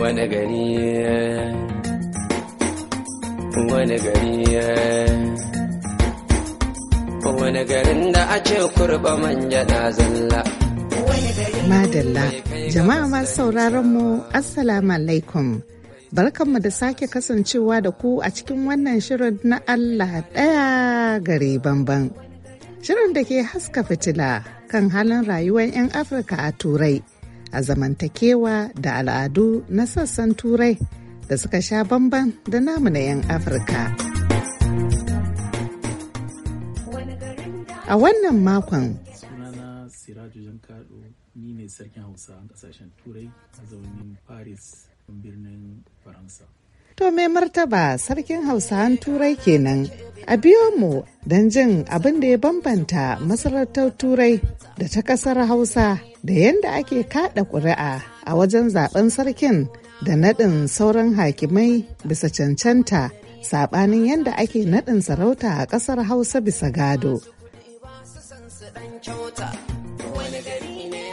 wani gari wani gari wani garin da a ce kurba manja na zalla madalla jama'a masu sauraron mu assalamu alaikum barkanmu da sake kasancewa da ku a cikin wannan shirin na allah ɗaya gari banban. shirin da ke haska fitila kan halin rayuwar 'yan afirka a turai a zamantakewa da al'adu na sassan turai da suka sha bamban da namu na 'yan afirka a wannan makon sunana siraju jankado ni ne sarkin hausa a kasashen turai a zaunin paris birnin faransa To mai martaba sarkin hausawan turai kenan. A biyo mu don jin abin da ya bambanta masarautar turai da ta kasar hausa da yadda ake kaɗa ƙuri'a a wajen zaben sarkin da naɗin sauran hakimai bisa cancanta saɓanin yadda ake naɗin sarauta a ƙasar hausa bisa gado.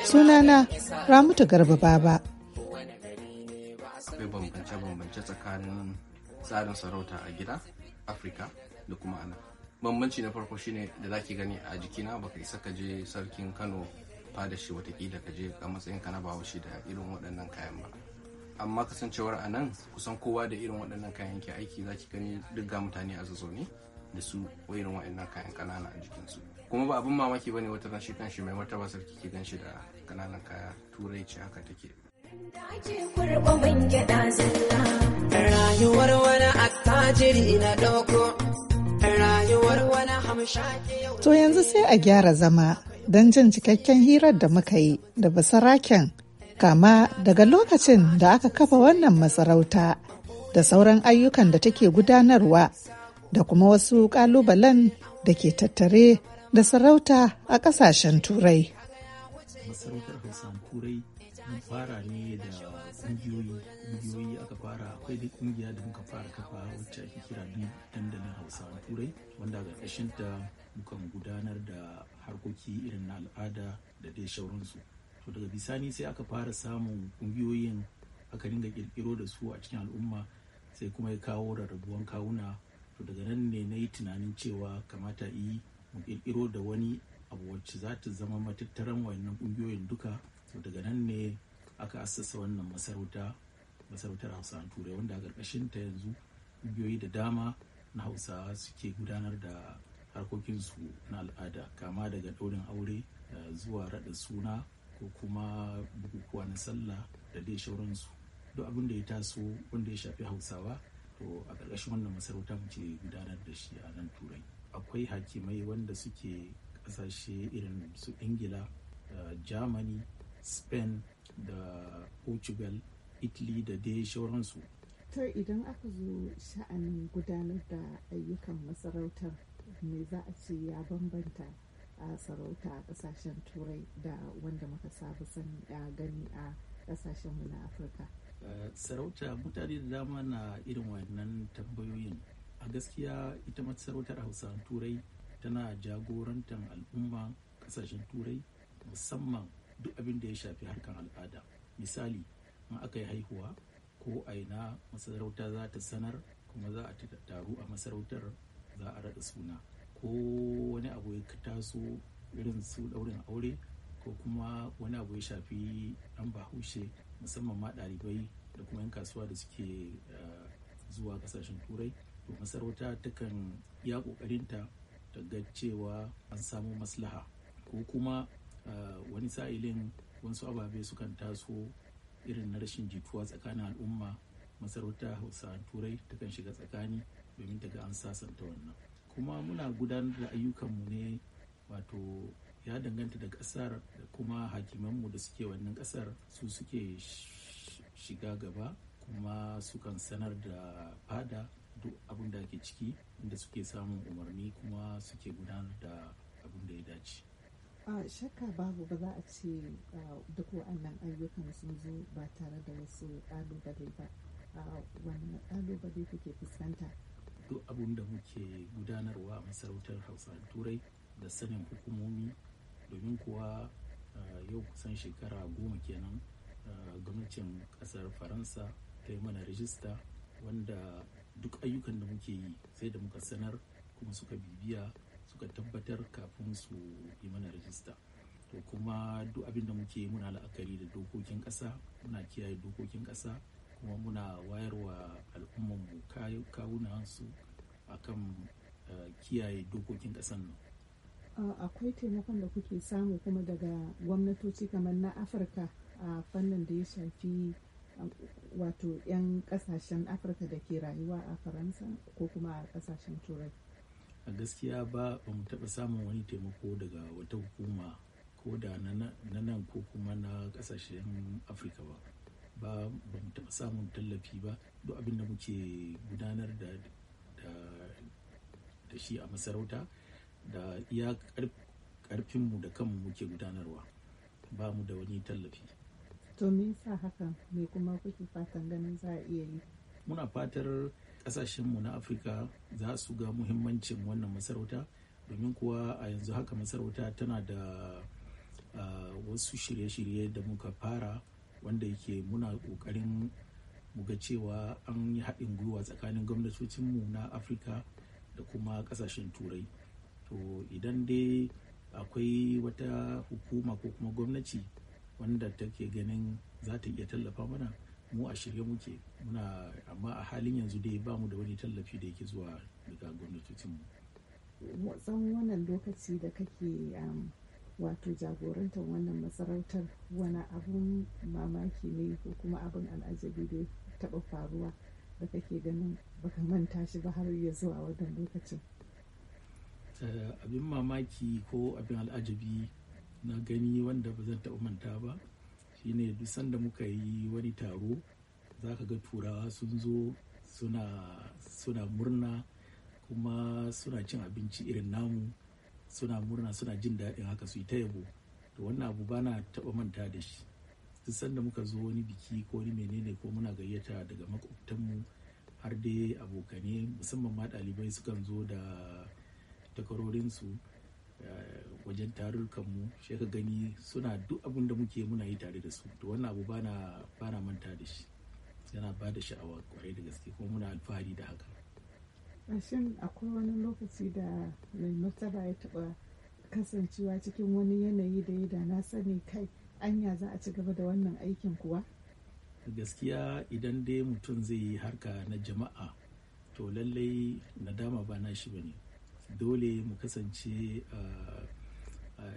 Sunana Ramutu Garba Baba. akwai bambance-bambance tsakanin tsarin sarauta a gida afirka da kuma ana bambanci na farko shine da zaki gani a jikina baka isa ka je sarkin kano fada shi watakila ka je a matsayin ka na bawa shi da irin waɗannan kayan ba amma kasancewar a nan kusan kowa da irin waɗannan kayan ke aiki zaki gani duk ga mutane a ne da su irin waɗannan kayan ƙanana a jikinsu kuma ba abin mamaki ba ne wata rashi kan shi mai martaba sarki ke gan da ƙananan kaya turai ce haka take To yanzu sai a gyara zama don jin cikakken hirar da muka yi da basaraken kama daga lokacin da aka kafa wannan masarauta da sauran ayyukan da take gudanarwa da kuma wasu kalubalen da ke tattare da sarauta a kasashen turai. masarautar hausan turai fara ne da kungiyoyi kungiyoyi aka fara akwai dai kungiya da muka fara kafa wacce ake kira dandalin hausa turai wanda ga ta mukan gudanar da harkoki irin na al'ada da dai shauransu to daga bisani sai aka fara samun kungiyoyin aka dinga kirkiro da su a cikin al'umma sai kuma ya kawo rarrabuwan kawuna to daga nan ne na yi tunanin cewa kamata yi mu kirkiro da wani wacce za ta zama matattaran wayannan kungiyoyin duka daga nan ne aka assasa wannan masarauta masarautar hausa turai wanda a ƙarƙashin ta yanzu ƙungiyoyi da dama na hausawa suke gudanar da harkokinsu na al'ada kama daga ɗaurin aure eh, zuwa raɗa suna ko kuma bukukuwa na sallah da dai shauransu duk abin da ya taso wanda ya shafi hausawa to a ƙarƙashin wannan masarauta muke gudanar da shi a nan turai akwai hakimai wanda suke kasashe irin su ingila da germany spain da portugal italy da dai shauransu to idan aka zo sha'anin gudanar da ayyukan masarautar me za a ce ya bambanta a sarauta a kasashen turai da wanda muka saba sani a gani a kasashenmu na afirka sarauta mutane da dama na irin wannan tambayoyin a gaskiya ita masarautar hausa turai tana jagorantar al'umma kasashen turai musamman duk abin da ya shafi harkar al'ada misali in aka yi haihuwa ko aina masarauta za ta sanar kuma za a taru a masarautar za a raɗa suna ko wani abu ya taso irin su ɗaurin aure ko kuma wani abu ya shafi ɗan bahaushe musamman ma ɗalibai da kuma 'yan kasuwa da suke eh, zuwa ƙasashen turai to masarauta takan ya ƙoƙarinta ga cewa an samu maslaha ko kuma wani sa'ilin wasu ababe sukan taso irin na rashin jituwa tsakanin al'umma masarauta hausa turai takan shiga tsakani domin daga an sasanta wannan kuma muna gudanar da ayyukanmu ne wato ya danganta da kasar da kuma hakimanmu da suke wannan kasar su suke shiga gaba kuma sukan sanar da fada duk abin da ake ciki inda suke samun umarni kuma suke gudanar da abin da ya dace a shakka babu ba za a ce duk wa'annan ayyukan sun zo ba tare da wasu ƙalubale ba wani ƙalubale kuke fuskanta duk abin da muke gudanarwa a masarautar hausa turai da sanin hukumomi domin kuwa yau kusan shekara goma kenan gwamnatin kasar faransa ta yi mana rijista wanda duk ayyukan da muke yi sai da muka sanar kuma suka bibiya suka tabbatar kafin su yi mana rajista to kuma duk abin da muke muna la'akari da dokokin ƙasa muna kiyaye dokokin ƙasa kuma muna wayarwa kawuna su akan eh, kiyaye dokokin ƙasan nan akwai taimakon da kuke samu kuma daga gwamnatoci kamar na afirka a fannin da ya shafi wato 'yan kasashen afirka da ke rayuwa a faransa ko kuma a kasashen turai a gaskiya ba ba mu taɓa samun wani taimako daga wata hukuma ko da na nan ko kuma na kasashen afirka ba ba ba mu taɓa samun tallafi ba duk abin da muke gudanar da da shi a masarauta da iya ƙarfinmu da kanmu muke gudanarwa ba mu da wani tallafi To me me kuma kuke fatan ganin za a iya yi? Muna fatar kasashenmu na Afirka za su ga muhimmancin wannan masarauta domin kuwa a yanzu haka masarauta tana da wasu shirye-shirye da muka fara wanda yake muna ƙoƙarin muga cewa an yi haɗin gwiwa tsakanin gwamnatocinmu na afirka da kuma ƙasashen turai to idan dai akwai wata hukuma ko kuma gwamnati wanda take ganin za ta iya tallafa mana mu a shirye muke muna amma a halin yanzu dai ba mu da wani tallafi da yake zuwa daga mu. tsawon wannan lokaci da kake um, wato jagorantar wannan masarautar wani abun mamaki ne ko kuma abun al'ajabi da ya taɓa faruwa da kake ganin baka manta shi ba har ya zuwa wannan lokacin. Eh, abin mamaki ko abin al'ajabi na gani wanda ba zan taɓa manta ba shine duk sanda muka yi wani taro za ka ga turawa sun zo suna, murna kuma suna cin abinci irin namu suna murna suna jin daɗin haka su yi ta yabo to wannan abu ba na taɓa manta da shi duk sanda muka zo wani biki ko wani menene ko muna gayyata daga makwabtanmu har dai abokane musamman ma ɗalibai sukan zo da takarorinsu wajen tarurrukan mu sai ka gani suna duk abin da muke muna yi tare da su to wannan abu bana bana manta da shi yana ba da sha'awa kwarai da gaske kuma muna alfahari da haka shin akwai wani lokaci da mai martaba ya taba kasancewa cikin wani yanayi da ya da na sani kai anya za a ci gaba da wannan aikin kuwa gaskiya idan dai mutum zai yi harka na jama'a to lallai nadama ba na shi bane dole mu kasance ah,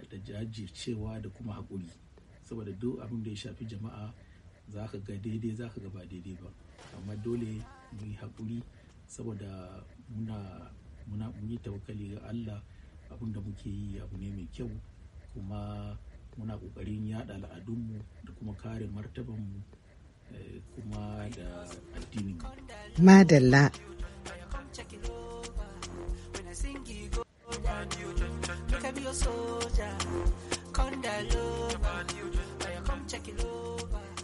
da jajircewa da kuma haƙuri saboda duk abin da ya shafi jama'a za ka ga daidai za ka ga ba daidai ba amma dole mu yi haƙuri saboda muna yi tawakali ga Allah abin da muke yi abu ne mai kyau kuma muna ƙoƙarin yada al'adunmu da kuma kare martabanmu eh, kuma da addinin Madalla.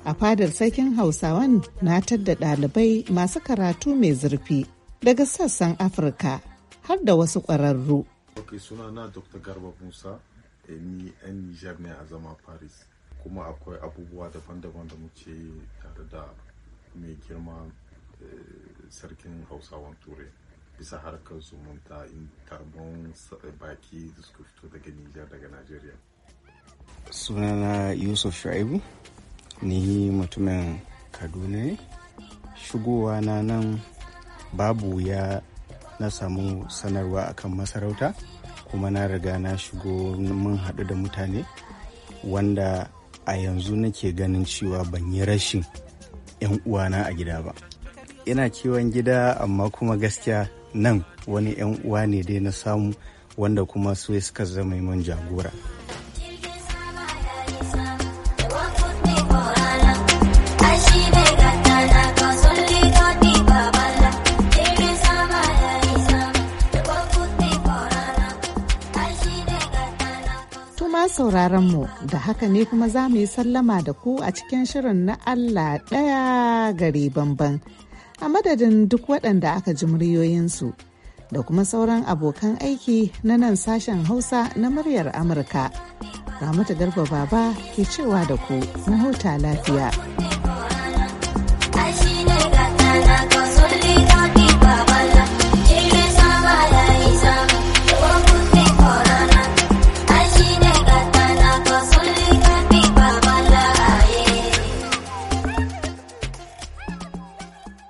A fadar sarkin Hausawan na tadda ɗalibai masu karatu mai zurfi daga sassan Afirka har da wasu ƙwararru. Ok, suna na Dr. Garba Musa, eh, ni 'yan Nijar ne a zama Paris. Kuma akwai abubuwa daban-daban da muke tare da mai girma eh, sarkin Hausawan Turai. bisa harkar zumunta in tarbon baki da suka fito daga Nijar daga Najeriya. Sunana Yusuf Shu'aibu, ni mutumin Kaduna ne. Shigowa na nan babu ya na samu sanarwa akan masarauta kuma na riga na shigo mun haɗu da mutane wanda a yanzu nake ganin cewa ban yi rashin 'yan uwana a gida ba. Ina kiwon gida amma kuma gaskiya nan wani 'yan uwa ne dai na samu wanda kuma su suka zama min jagora. sauraron mu da haka ne kuma za mu yi sallama da ku a cikin shirin na Allah ɗaya gari bamban a madadin duk waɗanda aka ji muryoyinsu da kuma sauran abokan aiki na nan sashen hausa na muryar amurka ramata garba baba ke cewa da ku na huta lafiya.